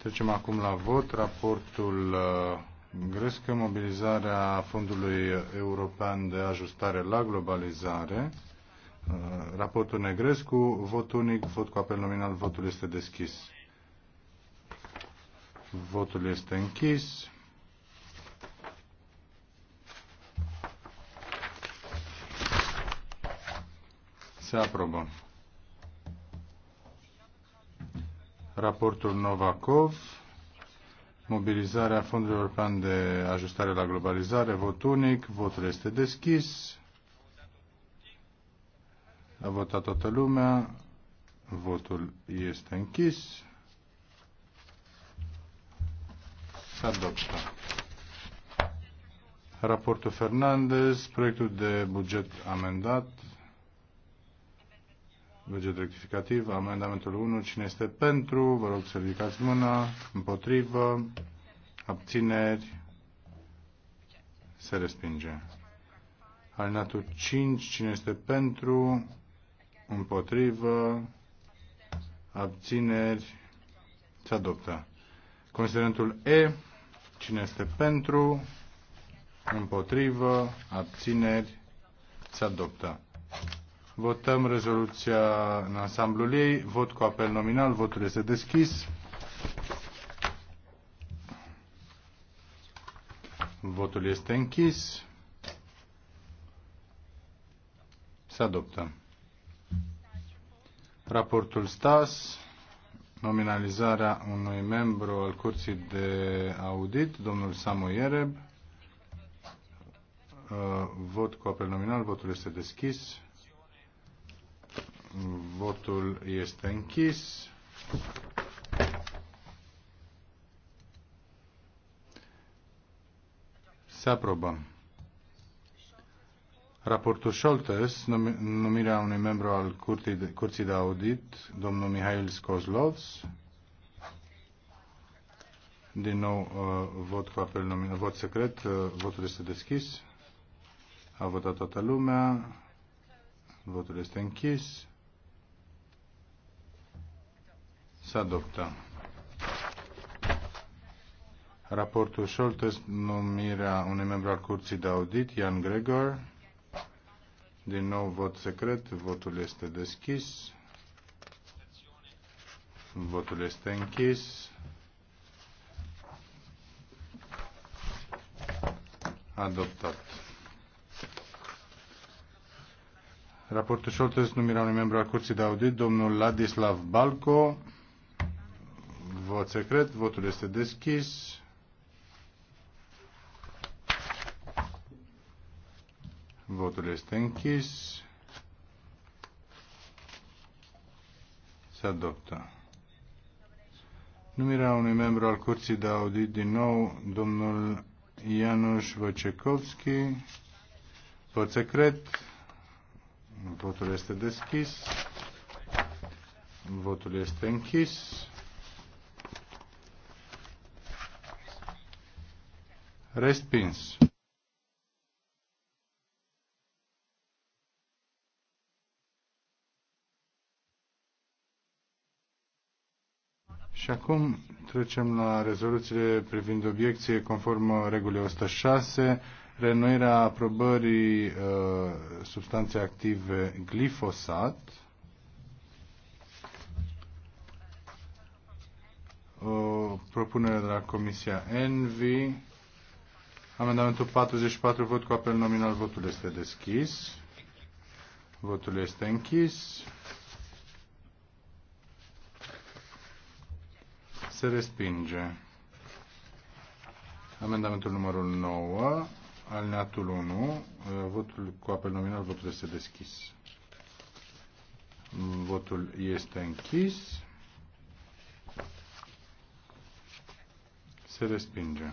Trecem acum la vot. Raportul uh, Grescă, mobilizarea Fondului European de Ajustare la Globalizare. Uh, raportul Negrescu, vot unic, vot cu apel nominal, votul este deschis. Votul este închis. Se aprobă. raportul Novakov, mobilizarea Fondului European de Ajustare la Globalizare, vot unic, votul este deschis, a votat toată lumea, votul este închis, s-a adoptat. Raportul Fernandez, proiectul de buget amendat, Buget rectificativ, amendamentul 1. Cine este pentru? Vă rog să ridicați mâna. Împotrivă. Abțineri. Se respinge. Alinatul 5. Cine este pentru? Împotrivă. Abțineri. Se adoptă. Considerentul E. Cine este pentru? Împotrivă. Abțineri. Se adoptă. Votăm rezoluția în ansamblul ei. Vot cu apel nominal. Votul este deschis. Votul este închis. Se adoptă. Raportul STAS, nominalizarea unui membru al Curții de Audit, domnul Samu Iereb. Uh, vot cu apel nominal, votul este deschis. Votul este închis. Se aprobăm. Raportul Scholtes, numirea unui membru al Curții de, Curții de Audit, domnul Mihail Skozlovs. Din nou, uh, vot cu apel nominal, vot secret, uh, votul este deschis. A votat toată lumea. Votul este închis. Se adoptă. Raportul Scholtes, numirea unui membru al Curții de Audit, Ian Gregor. Din nou vot secret, votul este deschis. Votul este închis. Adoptat. Raportul Scholtes, numirea unui membru al Curții de Audit, domnul Ladislav Balco vot secret. Votul este deschis. Votul este închis. Se adoptă. Numirea unui membru al Curții de Audit din nou, domnul Ianuș Wojciechowski. Vot secret. Votul este deschis. Votul este închis. Respins. Și acum trecem la rezoluțiile privind obiecție conform regulii 106, renuirea aprobării uh, substanței active glifosat. O propunere de la Comisia Envi. Amendamentul 44, vot cu apel nominal, votul este deschis. Votul este închis. Se respinge. Amendamentul numărul 9, alineatul 1, votul cu apel nominal, votul este deschis. Votul este închis. Se respinge.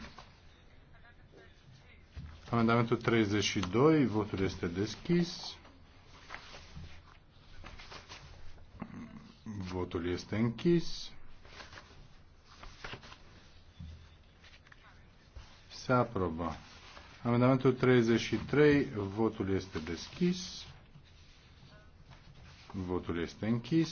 Amendamentul 32, votul este deschis. Votul este închis. Se aprobă. Amendamentul 33, votul este deschis. Votul este închis.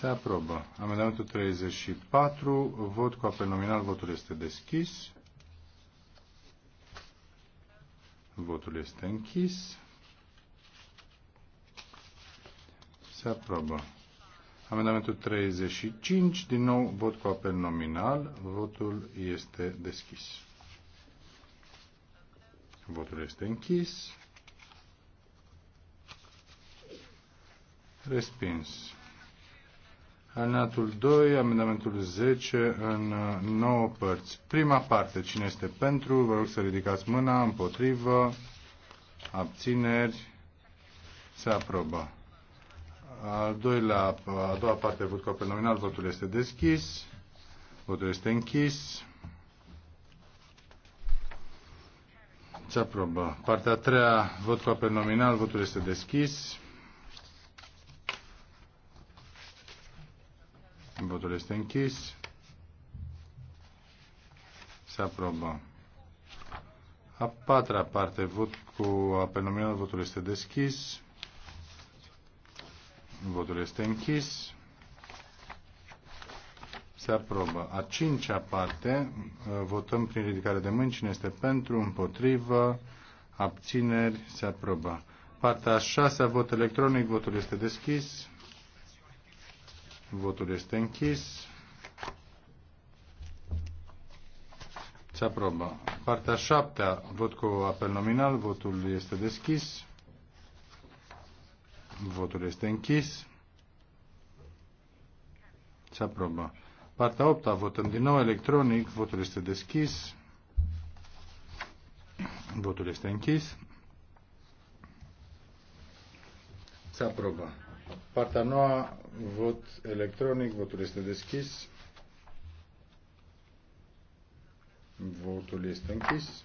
Se aprobă. Amendamentul 34, vot cu apel nominal, votul este deschis. Votul este închis. Se aprobă. Amendamentul 35, din nou vot cu apel nominal, votul este deschis. Votul este închis. Respins. Alineatul 2, amendamentul 10 în 9 uh, părți. Prima parte, cine este pentru? Vă rog să ridicați mâna, împotrivă, abțineri, se aprobă. Al doilea, a doua parte, vot cu apel nominal, votul este deschis, votul este închis. Se aprobă. Partea a treia, vot cu apel nominal, votul este deschis. Votul este închis. Se aprobă. A patra parte, vot cu apel nominal, votul este deschis. Votul este închis. Se aprobă. A cincea parte, votăm prin ridicare de mâini. Cine este pentru, împotrivă, abțineri, se aprobă. Partea a șasea, vot electronic, votul este deschis. Votul este închis. Se aprobă. Partea 7, vot cu apel nominal, votul este deschis. Votul este închis. Se aprobă. Partea 8, votăm din nou electronic, votul este deschis. Votul este închis. Se aprobă. Partea noua, vot electronic, votul este deschis. Votul este închis.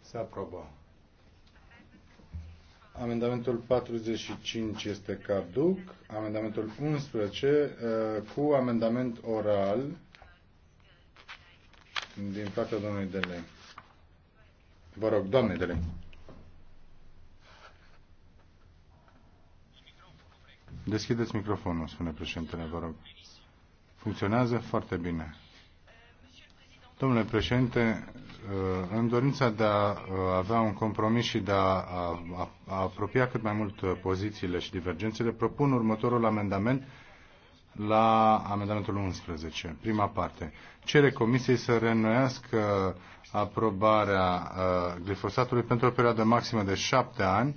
Se aprobă. Amendamentul 45 este caduc. Amendamentul 11 uh, cu amendament oral din partea domnului Delei. Vă rog, doamne Delei. Deschideți microfonul, spune președintele, vă rog. Funcționează foarte bine. Domnule președinte, uh, în dorința de a uh, avea un compromis și de a, apropia cât mai mult uh, pozițiile și divergențele, propun următorul amendament la amendamentul 11, prima parte. Cere Comisiei să reînnoiască aprobarea glifosatului pentru o perioadă maximă de șapte ani,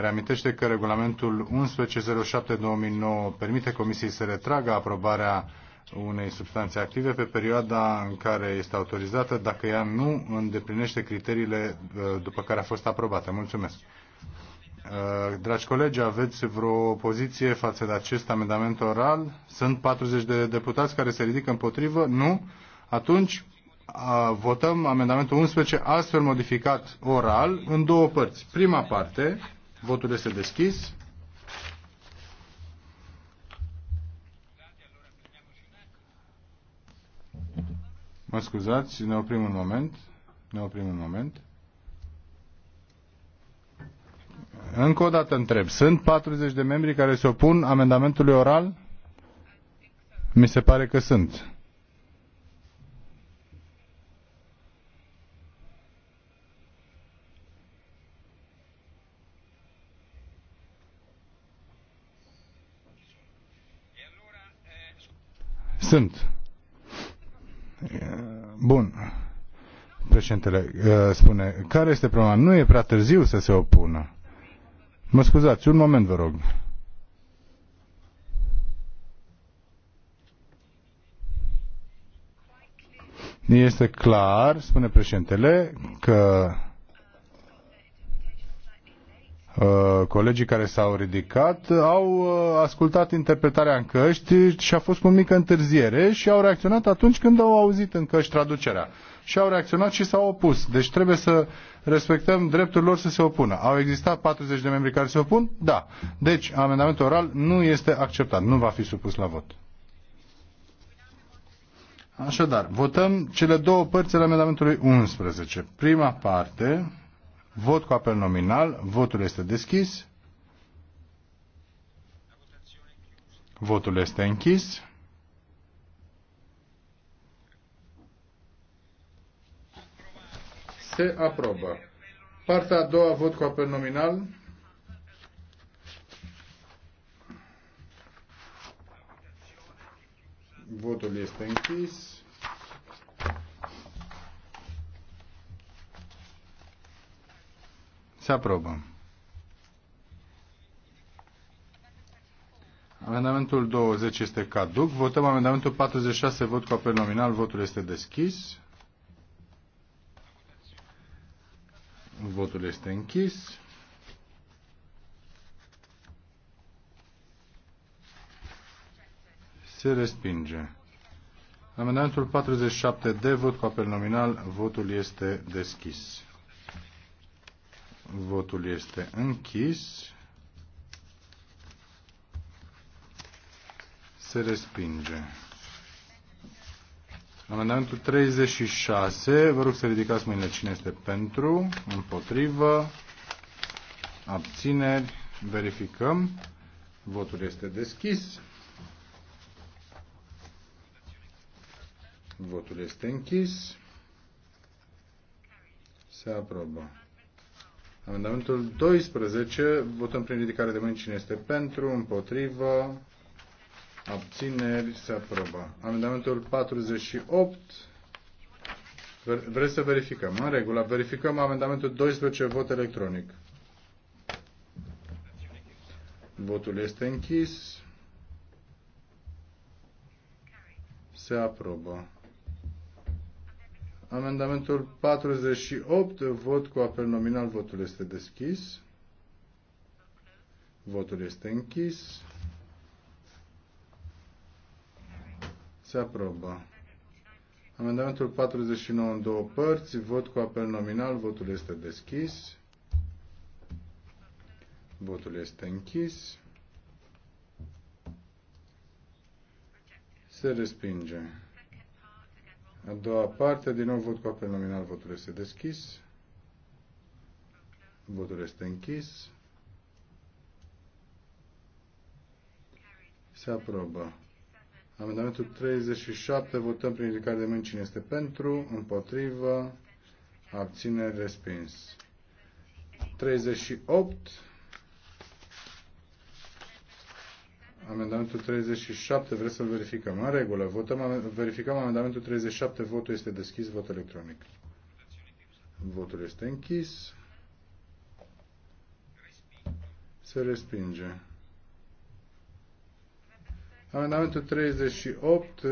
reamintește că regulamentul 1107-2009 permite Comisiei să retragă aprobarea unei substanțe active pe perioada în care este autorizată dacă ea nu îndeplinește criteriile uh, după care a fost aprobată. Mulțumesc. Uh, dragi colegi, aveți vreo poziție față de acest amendament oral? Sunt 40 de deputați care se ridică împotrivă? Nu? Atunci uh, votăm amendamentul 11 astfel modificat oral în două părți. Prima parte Votul este deschis. Mă scuzați, ne oprim un moment. Ne oprim un moment. Încă o dată întreb. Sunt 40 de membri care se opun amendamentului oral? Mi se pare că sunt. sunt. Bun. Președintele uh, spune, care este problema? Nu e prea târziu să se opună. Mă scuzați, un moment vă rog. Este clar, spune președintele, că Uh, colegii care s-au ridicat au uh, ascultat interpretarea în căști și a fost cu mică întârziere și au reacționat atunci când au auzit în căști traducerea. Și au reacționat și s-au opus. Deci trebuie să respectăm dreptul lor să se opună. Au existat 40 de membri care se opun? Da. Deci amendamentul oral nu este acceptat, nu va fi supus la vot. Așadar, votăm cele două părți ale amendamentului 11. Prima parte, Vot cu apel nominal. Votul este deschis. Votul este închis. Se aprobă. Partea a doua, vot cu apel nominal. Votul este închis. Se aprobă. Amendamentul 20 este caduc. Votăm amendamentul 46, vot cu apel nominal. Votul este deschis. Votul este închis. Se respinge. Amendamentul 47 de vot cu apel nominal. Votul este deschis. Votul este închis. Se respinge. Amendamentul 36. Vă rog să ridicați mâinile cine este pentru, împotrivă, abțineri. Verificăm. Votul este deschis. Votul este închis. Se aprobă. Amendamentul 12, votăm prin ridicare de mâini cine este pentru, împotrivă, abțineri, se aprobă. Amendamentul 48, vreți să verificăm? În regulă, verificăm amendamentul 12, vot electronic. Votul este închis. Se aprobă. Amendamentul 48, vot cu apel nominal, votul este deschis. Votul este închis. Se aprobă. Amendamentul 49 în două părți, vot cu apel nominal, votul este deschis. Votul este închis. Se respinge. A doua parte, din nou vot cu apel nominal, votul este deschis. Votul este închis. Se aprobă. Amendamentul 37, votăm prin ridicare de mâini cine este pentru, împotrivă, abține, respins. 38, Amendamentul 37, vreți să-l verificăm? În regulă, votăm, verificăm amendamentul 37, votul este deschis, vot electronic. Votul este închis. Se respinge. Amendamentul 38, uh,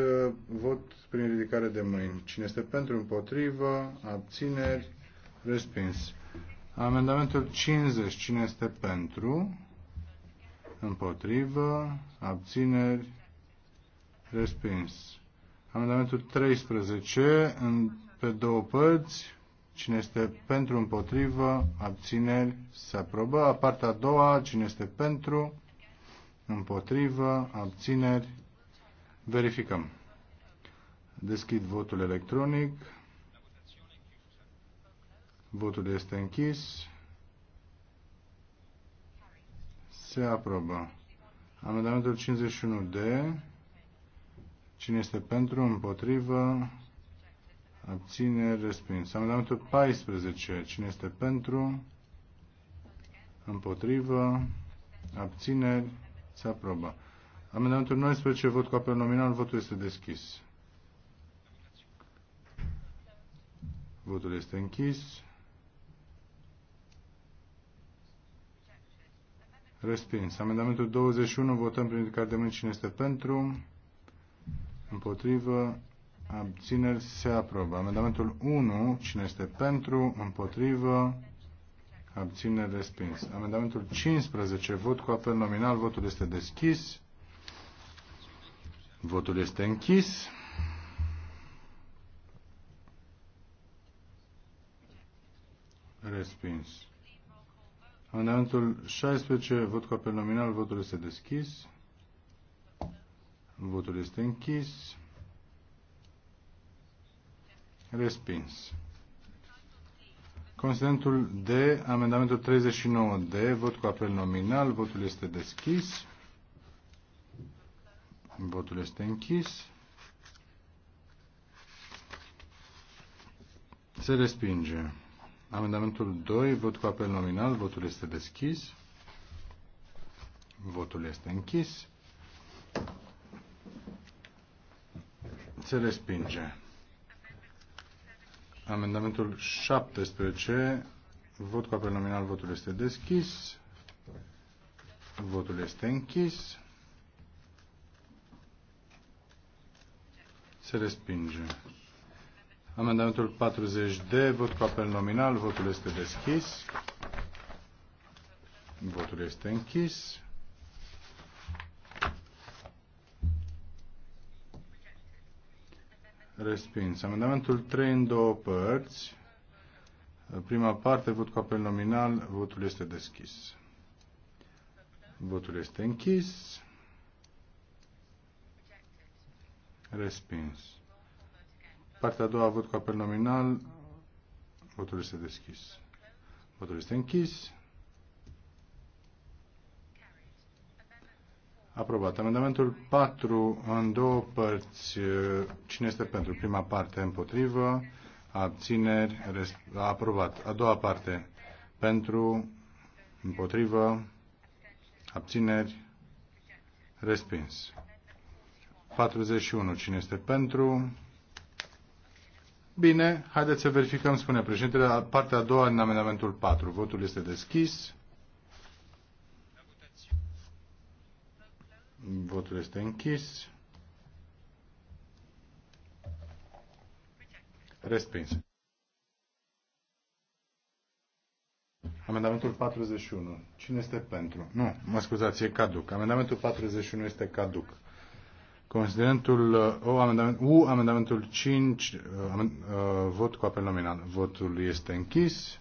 vot prin ridicare de mâini. Cine este pentru, împotrivă, abțineri, respins. Amendamentul 50, cine este pentru? Împotrivă. Abțineri. Respins. Amendamentul 13 în, pe două părți. Cine este pentru, împotrivă, abțineri, se aprobă. Partea a doua, cine este pentru, împotrivă, abțineri, verificăm. Deschid votul electronic. Votul este închis. Se aprobă. Amendamentul 51D. Cine este pentru, împotrivă, abține, respins. Amendamentul 14. Cine este pentru, împotrivă, abține. se aprobă. Amendamentul 19, vot cu apel nominal, votul este deschis. Votul este închis. Respins. Amendamentul 21, votăm prin ridicare de mâini cine este pentru. Împotrivă. Abțineri se aprobă. Amendamentul 1, cine este pentru, împotrivă, abțineri respins. Amendamentul 15, vot cu apel nominal, votul este deschis. Votul este închis. Respins. Amendamentul 16, vot cu apel nominal, votul este deschis. Votul este închis. Respins. Consentul D, amendamentul 39D, vot cu apel nominal, votul este deschis. Votul este închis. Se respinge. Amendamentul 2, vot cu apel nominal, votul este deschis. Votul este închis. Se respinge. Amendamentul 17, vot cu apel nominal, votul este deschis. Votul este închis. Se respinge. Amendamentul 40D, vot cu apel nominal, votul este deschis. Votul este închis. Respins. Amendamentul 3 în două părți. Prima parte, vot cu apel nominal, votul este deschis. Votul este închis. Respins. Partea a doua, vot cu apel nominal. Votul este deschis. Votul este închis. Aprobat. Amendamentul 4 în două părți. Cine este pentru? Prima parte împotrivă. Abțineri. Aprobat. A doua parte pentru. Împotrivă. Abțineri. Respins. 41. Cine este pentru? Bine, haideți să verificăm, spune președintele, la partea a doua din amendamentul 4. Votul este deschis. Votul este închis. Respins. Amendamentul 41. Cine este pentru? Nu, mă scuzați, e caduc. Amendamentul 41 este caduc. Considerentul uh, o, amendament, U, amendamentul 5, uh, amend, uh, vot cu apel nominal. Votul este închis.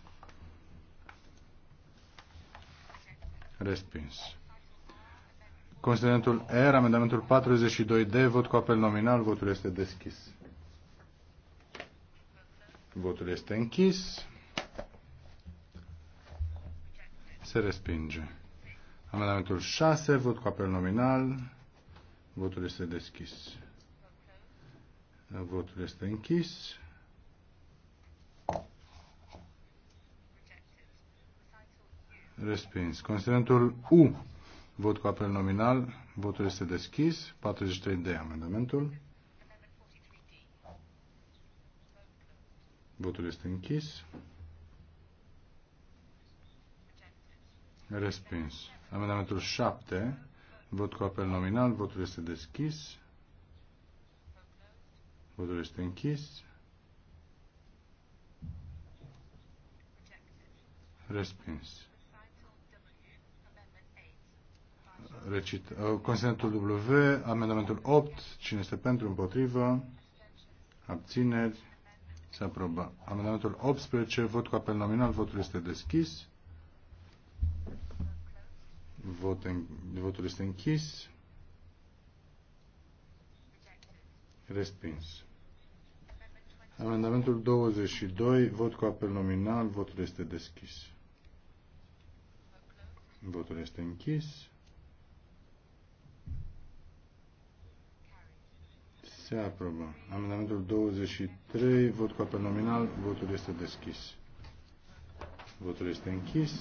Respins. Considerentul R, amendamentul 42D, vot cu apel nominal. Votul este deschis. Votul este închis. Se respinge. Amendamentul 6, vot cu apel nominal. Votul este deschis. Votul este închis. Respins. Considerentul U. Vot cu apel nominal. Votul este deschis. 43 de amendamentul. Votul este închis. Respins. Amendamentul 7. Vot cu apel nominal. Votul este deschis. Votul este închis. Respins. Recit. Uh, Consentul W, amendamentul 8, cine este pentru, împotrivă, abțineri, se aprobă. Amendamentul 18, vot cu apel nominal, votul este deschis. Vot în, votul este închis. Respins. Amendamentul 22, vot cu apel nominal, votul este deschis. Votul este închis. Se aprobă. Amendamentul 23, vot cu apel nominal, votul este deschis. Votul este închis.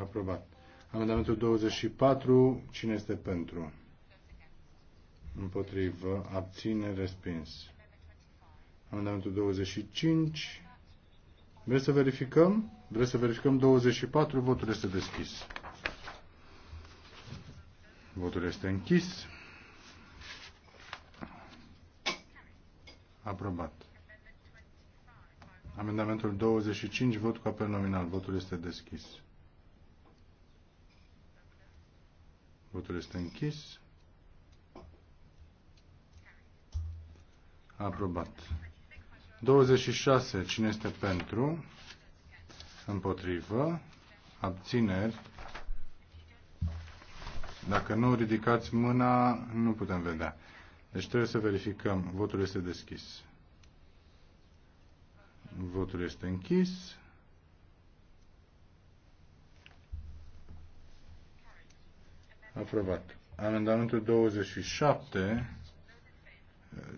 Aprobat. Amendamentul 24. Cine este pentru? Împotrivă. Abține. Respins. Amendamentul 25. Vreți să verificăm? Vreți să verificăm 24? Votul este deschis. Votul este închis. Aprobat. Amendamentul 25, vot cu apel nominal. Votul este deschis. Votul este închis. Aprobat. 26. Cine este pentru? Împotrivă. Abțineri. Dacă nu ridicați mâna, nu putem vedea. Deci trebuie să verificăm. Votul este deschis. Votul este închis. Aprobat. Amendamentul 27.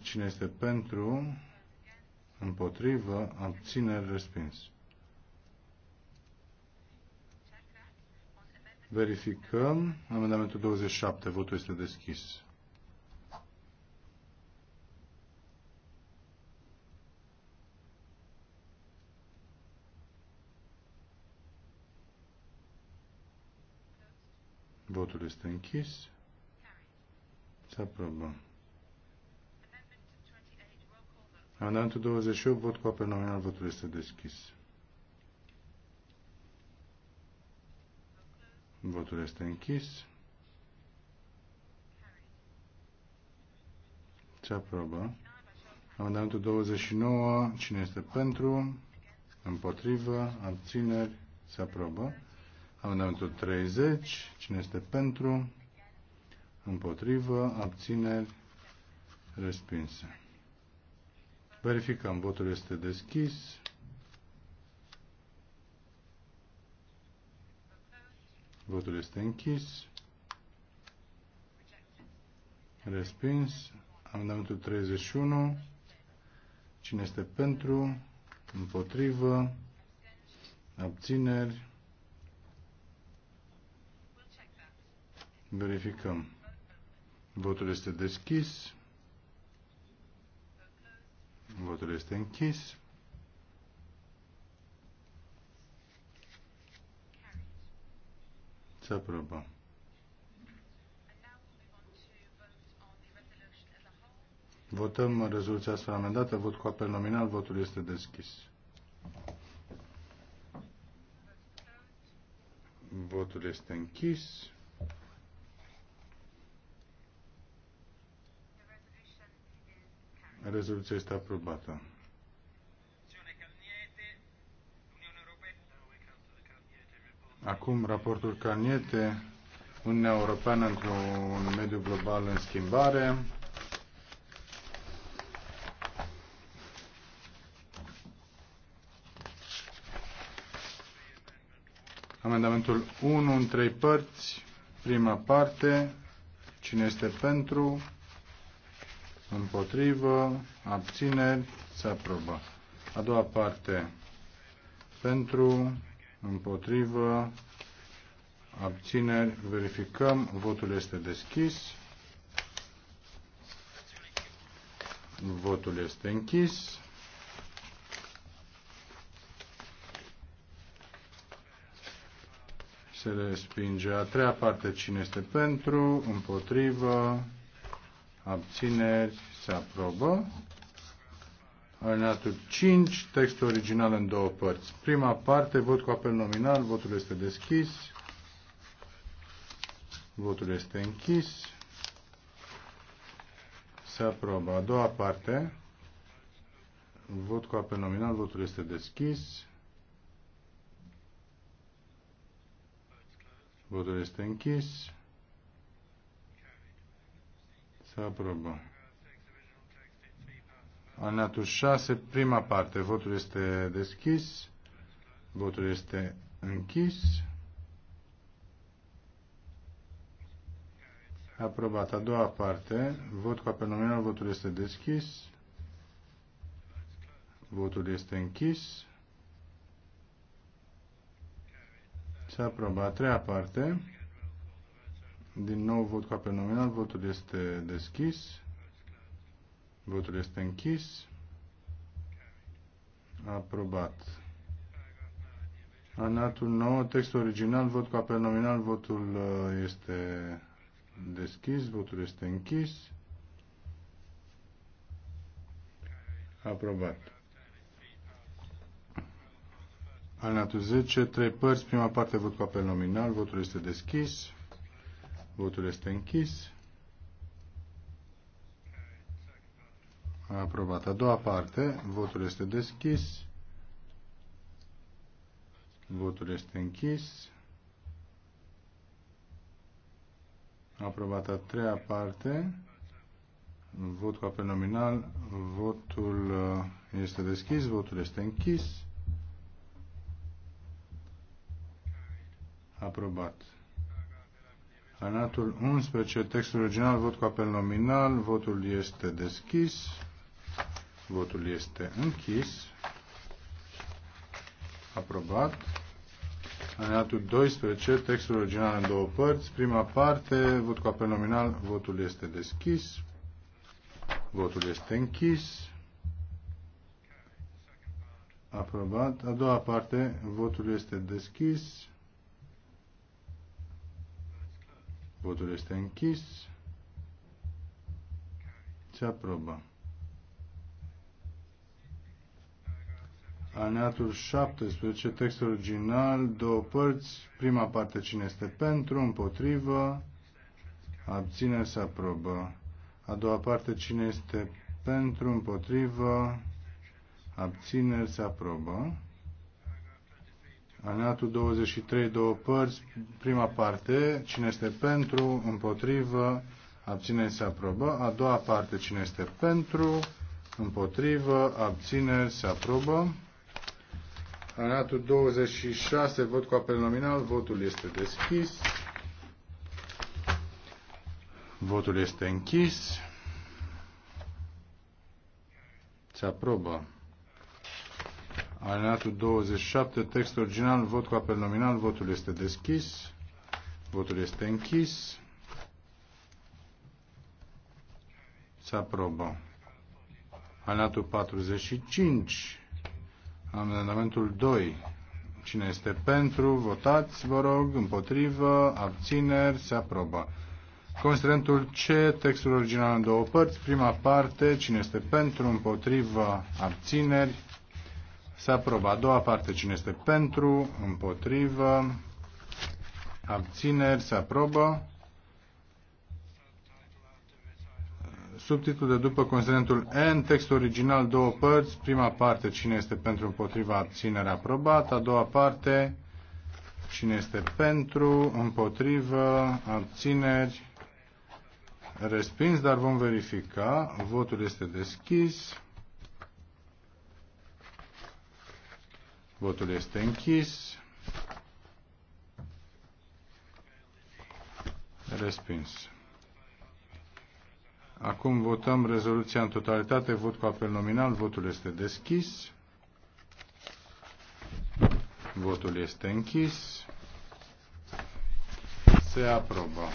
Cine este pentru? Împotrivă? Abțineri? Respins. Verificăm. Amendamentul 27. Votul este deschis. Votul este închis. Se aprobă. Amendamentul 28, vot cu apel nominal, votul este deschis. Votul este închis. Se aprobă. Amendamentul 29, cine este pentru? Împotrivă, abțineri, se aprobă. Amendamentul 30. Cine este pentru? Împotrivă. Abțineri. Respinse. Verificăm. Votul este deschis. Votul este închis. Respins. Amendamentul 31. Cine este pentru? Împotrivă? Abțineri? Verificăm. Votul este deschis. Votul este închis. Se aprobă. Votăm rezoluția astfel amendată. Vot cu apel nominal. Votul este deschis. Votul este închis. Rezoluția este aprobată. Acum raportul Caniete, Uniunea Europeană într-un mediu global în schimbare. Amendamentul 1 în trei părți. Prima parte. Cine este pentru? împotrivă, abțineri, se aprobă. A doua parte, pentru, împotrivă, abțineri, verificăm, votul este deschis, votul este închis. Se respinge a treia parte, cine este pentru, împotrivă, abțineri, se aprobă. Alineatul 5, textul original în două părți. Prima parte, vot cu apel nominal, votul este deschis. Votul este închis. Se aprobă. A doua parte, vot cu apel nominal, votul este deschis. Votul este închis. Se aprobă. Anatul 6, prima parte. Votul este deschis. Votul este închis. Aprobat. A doua parte. Vot cu apel nominal. Votul este deschis. Votul este închis. S-a aprobat. A treia parte. Din nou vot cu apel nominal. Votul este deschis. Votul este închis. Aprobat. Anatul 9, textul original, vot cu apel nominal, votul uh, este deschis, votul este închis. Aprobat. anatul 10, trei părți, prima parte vot cu apel nominal, votul este deschis. Votul este închis. aprobat. A doua parte. Votul este deschis. Votul este închis. aprobat a treia parte. Vot cu apel nominal. Votul uh, este deschis. Votul este închis. Aprobat. Anatul 11, textul original, vot cu apel nominal, votul este deschis, votul este închis, aprobat. Anatul 12, textul original în două părți, prima parte, vot cu apel nominal, votul este deschis, votul este închis, aprobat. A doua parte, votul este deschis, Votul este închis. Se aprobă. Aneatul 17, text original, două părți. Prima parte, cine este pentru, împotrivă, abține, se aprobă. A doua parte, cine este pentru, împotrivă, abține se aprobă. Alineatul 23, două părți, prima parte, cine este pentru, împotrivă, abțineri se aprobă. A doua parte, cine este pentru, împotrivă, abțineri se aprobă. Alineatul 26, vot cu apel nominal, votul este deschis. Votul este închis. Se aprobă. Alineatul 27, text original, vot cu apel nominal, votul este deschis, votul este închis. Se aprobă. Alineatul 45, amendamentul 2. Cine este pentru, votați, vă rog, împotrivă, abțineri, se aprobă. Considerentul C, textul original în două părți. Prima parte, cine este pentru, împotrivă, abțineri, se aprobă. A doua parte, cine este pentru, împotrivă, abțineri, se aprobă. Subtitul de după considerentul N, text original, două părți. Prima parte, cine este pentru, împotriva, abținere, aprobat. A doua parte, cine este pentru, împotrivă, abțineri, respins, dar vom verifica. Votul este deschis. Votul este închis. Respins. Acum votăm rezoluția în totalitate. Vot cu apel nominal. Votul este deschis. Votul este închis. Se aprobă.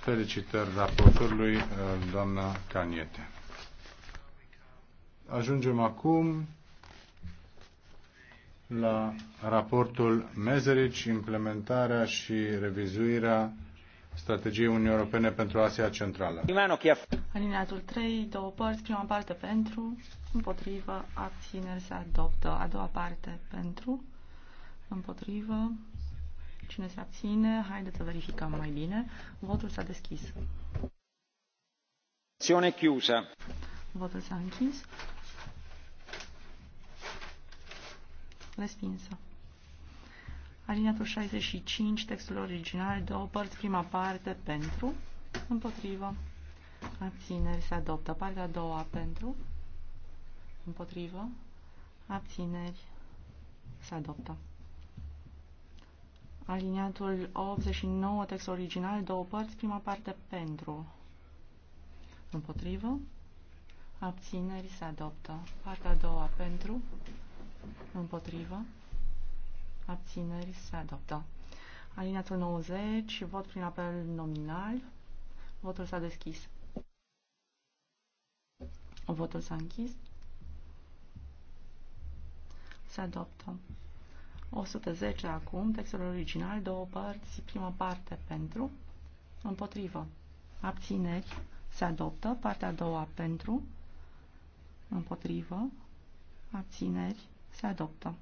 Felicitări raportorului eh, doamna Caniete. Ajungem acum la raportul Mezerici, implementarea și revizuirea strategiei Uniunii Europene pentru Asia Centrală. Alineatul 3, două părți, prima parte pentru, împotrivă, abțineri se adoptă, a doua parte pentru, împotrivă, cine se abține, haideți să verificăm mai bine, votul s-a deschis. Votul s-a închis. respinsă. Alineatul 65, textul original, două părți, prima parte pentru, împotrivă, abțineri se adoptă. Partea a doua pentru, împotrivă, abțineri se adoptă. Aliniatul 89, text original, două părți, prima parte pentru, împotrivă, abțineri se adoptă. Partea a doua pentru, Împotrivă. Abțineri se adoptă. Alineatul 90, vot prin apel nominal. Votul s-a deschis. Votul s-a închis. Se adoptă. 110 acum, textul original, două părți, prima parte pentru, împotrivă, abțineri, se adoptă, partea a doua pentru, împotrivă, abțineri, se adoptă.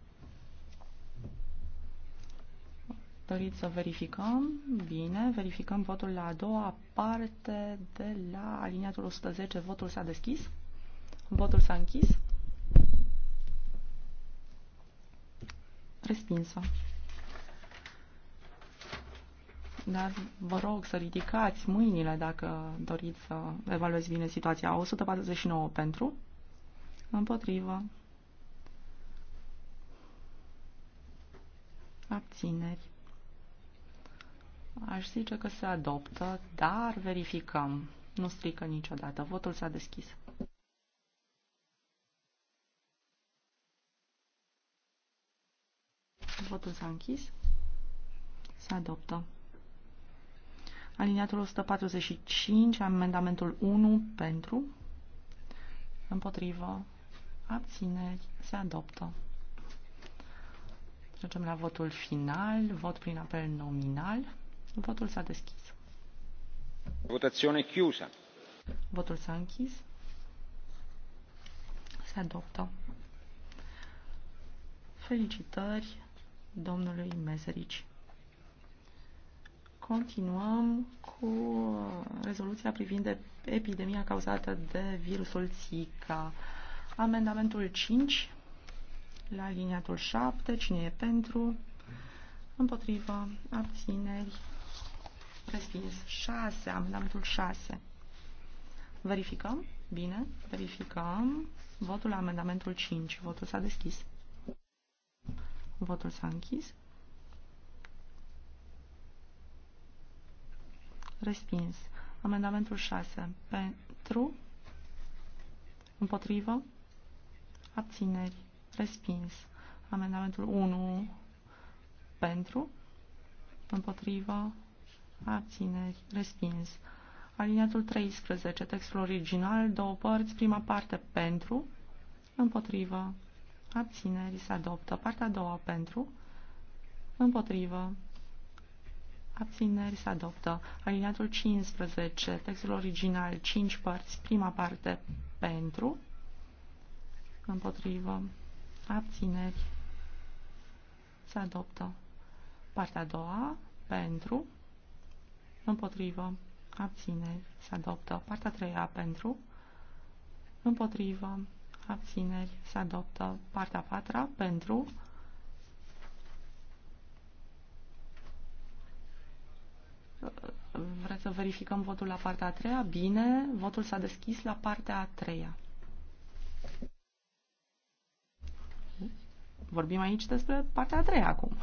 Doriți să verificăm? Bine, verificăm votul la a doua parte de la aliniatul 110. Votul s-a deschis. Votul s-a închis. Respinsă. Dar vă rog să ridicați mâinile dacă doriți să evaluați bine situația. 149 pentru, împotrivă, abțineri. Aș zice că se adoptă, dar verificăm. Nu strică niciodată. Votul s-a deschis. Votul s-a închis. Se adoptă. Aliniatul 145, amendamentul 1 pentru, împotrivă, abțineri, se adoptă. Trecem la votul final, vot prin apel nominal. Votul s-a deschis. Votazione chiusa. Votul s-a închis. Se adoptă. Felicitări domnului Meserici. Continuăm cu rezoluția privind epidemia cauzată de virusul Zika. Amendamentul 5 la liniatul 7. Cine e pentru? Împotrivă. Abțineri. Respins. 6. Amendamentul 6. Verificăm. Bine. Verificăm. Votul la amendamentul 5. Votul s-a deschis. Votul s-a închis. Respins. Amendamentul 6. Pentru. Împotrivă. Abțineri. Respins. Amendamentul 1 pentru, împotriva, abțineri, respins. Aliniatul 13, textul original, două părți, prima parte pentru, împotriva, abțineri, se adoptă. Partea a doua pentru, împotriva, abțineri, se adoptă. Aliniatul 15, textul original, 5 părți, prima parte pentru, împotrivă abțineri, se adoptă. Partea a doua, pentru, împotrivă, abțineri, se adoptă. Partea a treia, pentru, împotrivă, abțineri, se adoptă. Partea a patra, pentru, Vreți să verificăm votul la partea a treia? Bine, votul s-a deschis la partea a treia. vorbim aici despre partea a treia acum.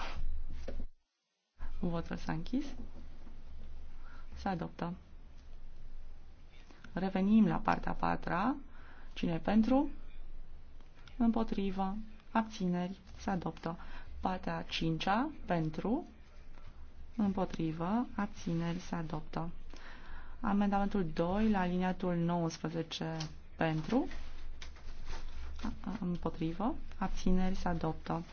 Votul s-a închis. Se adoptă. Revenim la partea a patra. Cine pentru? Împotrivă. Abțineri. Se adoptă. Partea a cincea. Pentru. Împotrivă. Abțineri. Se adoptă. Amendamentul 2 la aliniatul 19 pentru împotrivă, abțineri se adoptă.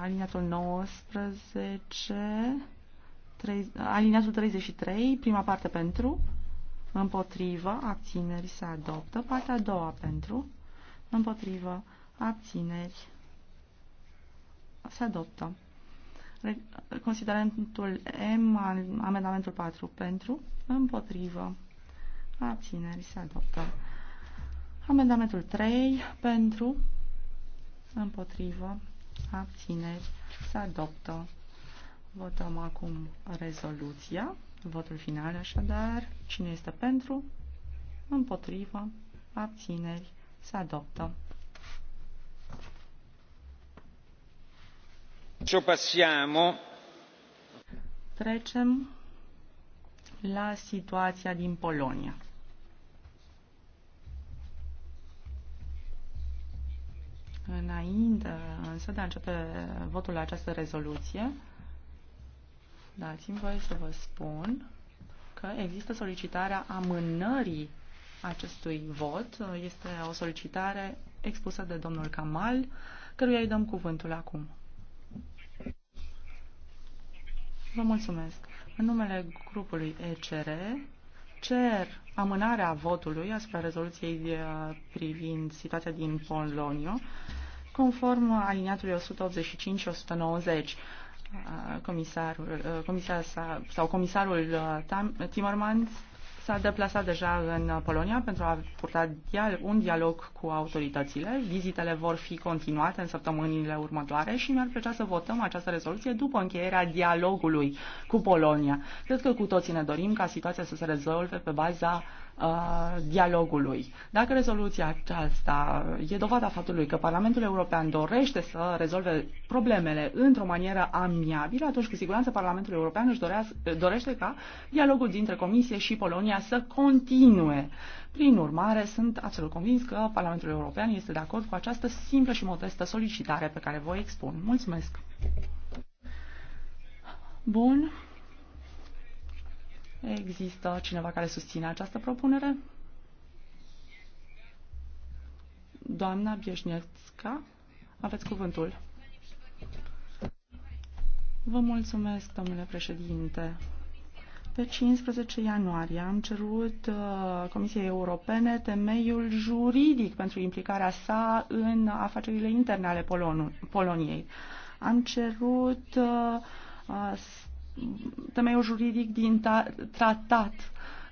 Alineatul 19, 3, alineatul 33, prima parte pentru, împotrivă, abțineri se adoptă, partea a doua pentru, împotrivă, abțineri se adoptă. Considerentul M, amendamentul 4 pentru, împotrivă, abțineri se adoptă. Amendamentul 3 pentru, împotrivă, abțineri, se adoptă. Votăm acum rezoluția, votul final așadar, cine este pentru, împotrivă, abțineri, se adoptă. Ce pasiamo. Trecem la situația din Polonia. Înainte însă de a începe votul la această rezoluție, dați-mi voie să vă spun că există solicitarea amânării acestui vot. Este o solicitare expusă de domnul Kamal, căruia îi dăm cuvântul acum. Vă mulțumesc. În numele grupului ECR cer amânarea votului asupra rezoluției uh, privind situația din Polonio conform aliniatului 185 și 190. Comisarul, comisar, sau comisarul Timmermans s-a deplasat deja în Polonia pentru a purta un dialog cu autoritățile. Vizitele vor fi continuate în săptămânile următoare și mi-ar plăcea să votăm această rezoluție după încheierea dialogului cu Polonia. Cred că cu toții ne dorim ca situația să se rezolve pe baza uh, Uh, dialogului. Dacă rezoluția aceasta uh, e dovada faptului că Parlamentul European dorește să rezolve problemele într-o manieră amiabilă, atunci cu siguranță Parlamentul European își dorea, uh, dorește ca dialogul dintre Comisie și Polonia să continue. Prin urmare, sunt absolut convins că Parlamentul European este de acord cu această simplă și modestă solicitare pe care voi expun. Mulțumesc! Bun. Există cineva care susține această propunere? Doamna Bieșnețca, aveți cuvântul. Vă mulțumesc, domnule președinte. Pe 15 ianuarie am cerut uh, Comisiei Europene temeiul juridic pentru implicarea sa în afacerile interne ale Polon Poloniei. Am cerut uh, temeiul juridic din tratat.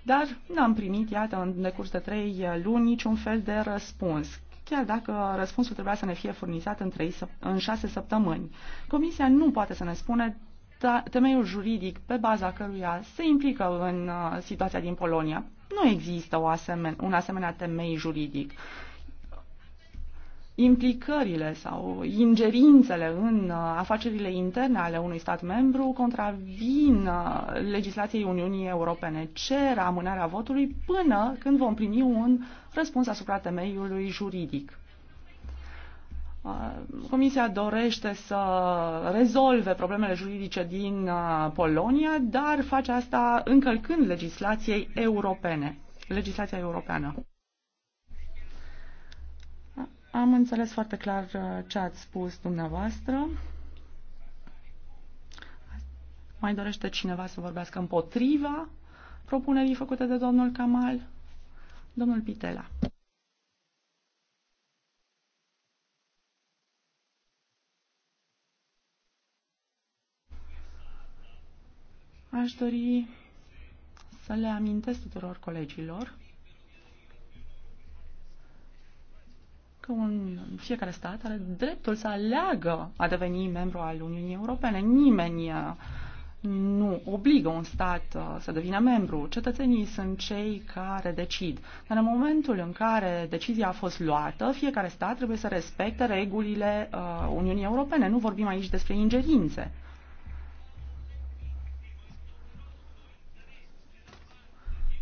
Dar n-am primit, iată, în decurs de trei uh, luni niciun fel de răspuns chiar dacă răspunsul trebuia să ne fie furnizat în, trei, în șase săptămâni. Comisia nu poate să ne spune da, temeiul juridic pe baza căruia se implică în uh, situația din Polonia. Nu există o asemen- un asemenea temei juridic implicările sau ingerințele în uh, afacerile interne ale unui stat membru contravin uh, legislației Uniunii Europene. Cer amânarea votului până când vom primi un răspuns asupra temeiului juridic. Uh, Comisia dorește să rezolve problemele juridice din Polonia, dar face asta încălcând legislației europene, legislația europeană. Am înțeles foarte clar uh, ce ați spus dumneavoastră. Mai dorește cineva să vorbească împotriva propunerii făcute de domnul Kamal? Domnul Pitela. Aș dori să le amintesc tuturor colegilor că un, fiecare stat are dreptul să aleagă a deveni membru al Uniunii Europene. Nimeni uh, nu obligă un stat uh, să devină membru. Cetățenii sunt cei care decid. Dar în momentul în care decizia a fost luată, fiecare stat trebuie să respecte regulile uh, Uniunii Europene. Nu vorbim aici despre ingerințe.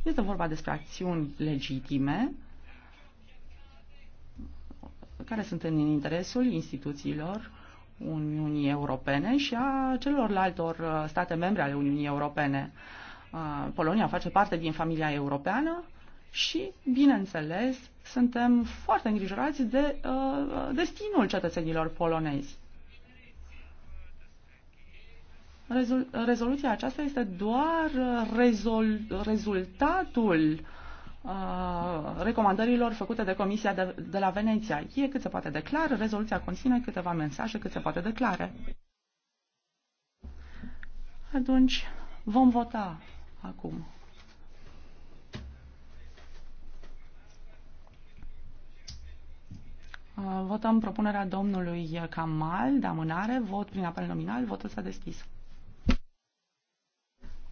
Este vorba despre acțiuni legitime care sunt în interesul instituțiilor Uniunii Europene și a celorlaltor uh, state membre ale Uniunii Europene. Uh, Polonia face parte din familia europeană și, bineînțeles, suntem foarte îngrijorați de uh, destinul cetățenilor polonezi. rezoluția aceasta este doar rezol- rezultatul uh, recomandărilor făcute de Comisia de, de la Veneția. E cât se poate de clar, rezoluția conține câteva mesaje cât se poate de clare. Atunci vom vota acum. Votăm propunerea domnului Kamal de amânare, vot prin apel nominal, votul s-a deschis.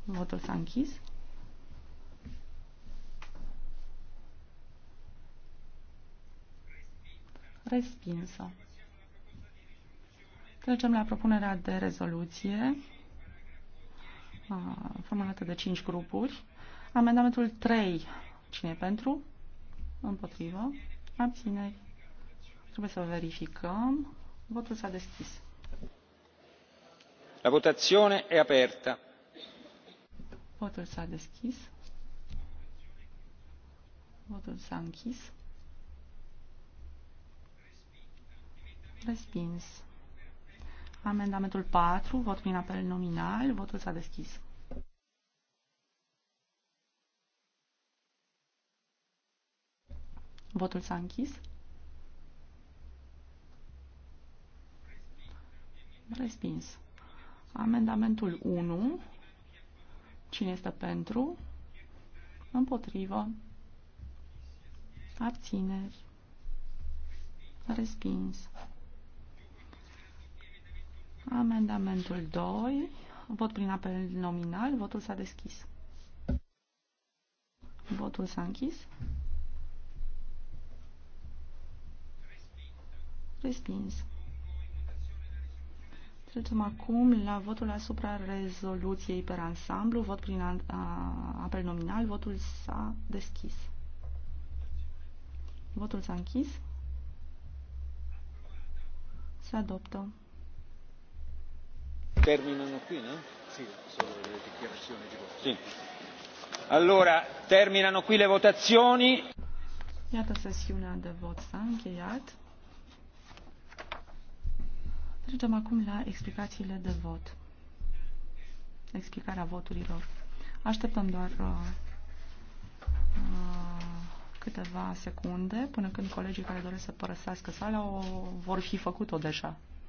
Votul s-a închis. respinsă. Trecem la propunerea de rezoluție uh, formulată de 5 grupuri. Amendamentul 3. Cine e pentru? Împotrivă. Abțineri. Trebuie să verificăm. Votul s-a deschis. La votazione e aperta. Votul s-a deschis. Votul s-a închis. Respins. Amendamentul 4, vot prin apel nominal, votul s-a deschis. Votul s-a închis. Respins. Amendamentul 1. Cine este pentru? Împotrivă. Abțineri. Respins. Amendamentul 2. Vot prin apel nominal. Votul s-a deschis. Votul s-a închis. Respins. Trecem acum la votul asupra rezoluției pe ansamblu. Vot prin apel nominal. Votul s-a deschis. Votul s-a închis. Se adoptă terminano qui, no? Sì, solo le dichiarazioni di voto. Sì. Allora, terminano qui le votazioni. Iată sesiunea de vot s-a încheiat. Trecem acum la explicațiile de vot. Explicarea voturilor. Așteptăm doar uh, uh, câteva secunde până când colegii care doresc să părăsească sala o vor fi făcut-o deja.